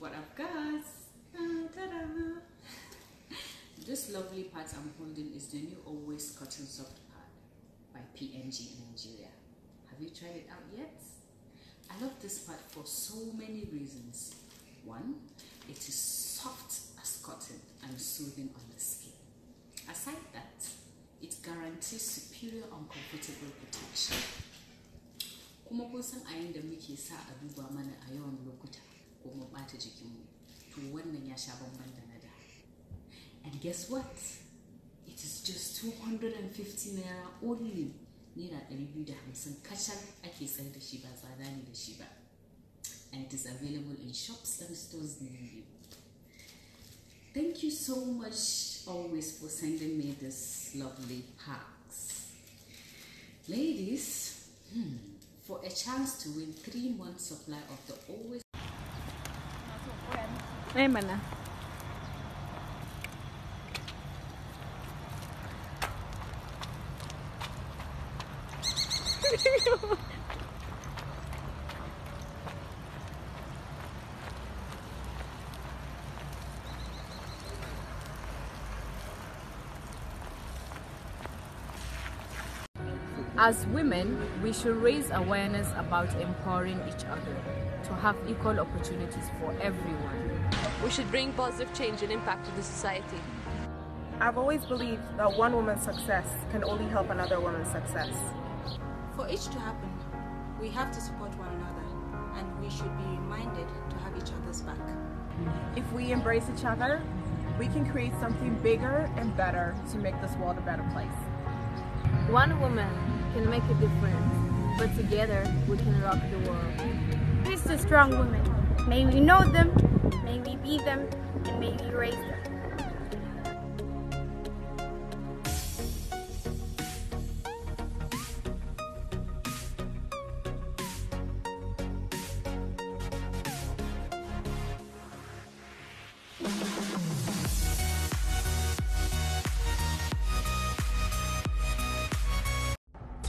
what I've got. this lovely part I'm holding is the new Always Cotton Soft Pad by PNG in Nigeria. Have you tried it out yet? I love this pad for so many reasons. One, it is soft as cotton and soothing on the skin. Aside that, it guarantees superior uncomfortable protection. Kuma kun san ayin da muke sa a duba mana a yawan lokuta jikinmu to wannan ya sha bamban da and guess what it is just 250 naira only naira 250 kacal ake sayar da shi ba tsada ne da shi ba and it is available in shops and stores near you thank you so much always for sending me this lovely packs ladies hmm, for a chance to win three months supply of the always Ay man na. Hehehehe As women, we should raise awareness about empowering each other to have equal opportunities for everyone. We should bring positive change and impact to the society. I've always believed that one woman's success can only help another woman's success. For each to happen, we have to support one another and we should be reminded to have each other's back. If we embrace each other, we can create something bigger and better to make this world a better place. One woman can make a difference, but together we can rock the world. This is strong women. May we know them, may we be them, and may we raise them.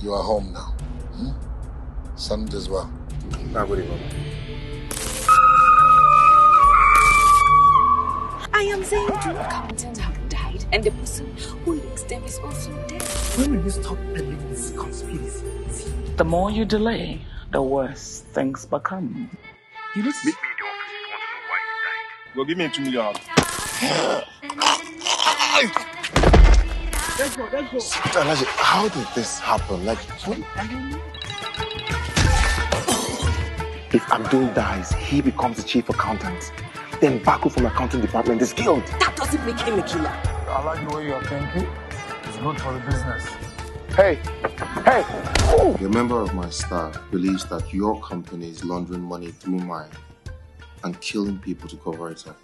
You are home now. Hmm? Send as well. Ah, Not Mama. I am saying two accountants have died and the person who links them is also dead. When will you stop believing this conspiracy? The more you delay, the worse things become. You need meet me in the office if you want to know why he died. Well, give me two million. Let's go, let's go. how did this happen? Like, what, I don't know. If Abdul dies, he becomes the chief accountant. Then Baku from accounting department is killed. That doesn't make him a killer. I like the way you're thinking. It's good for the business. Hey, hey! Ooh. A member of my staff believes that your company is laundering money through mine and killing people to cover it up.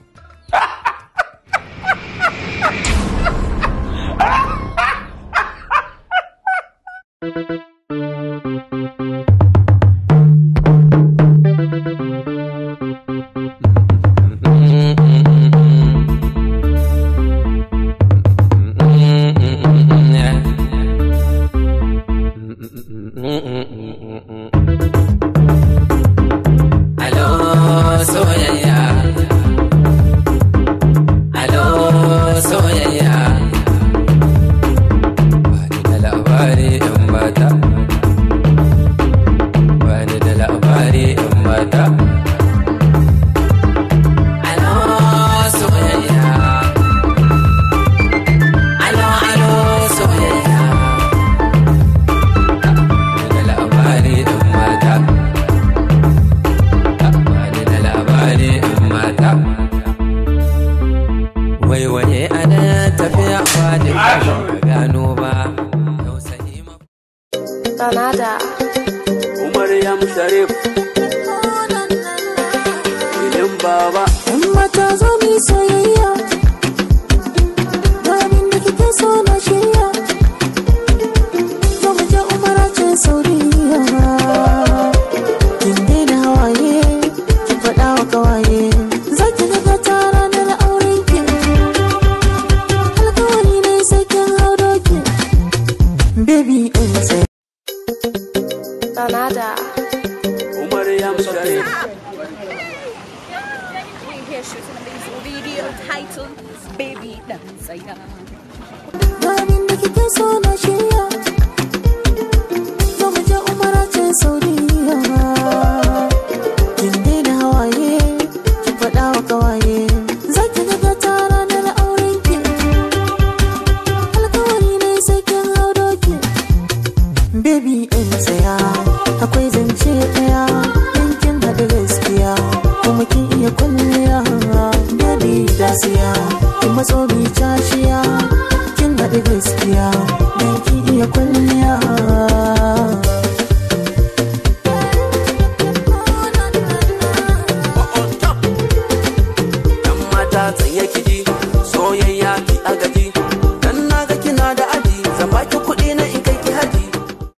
musarif Idan baba. In mata zo mu soyayya. shooting a music video titled Baby Dancer. tasiya in matso bi tashiya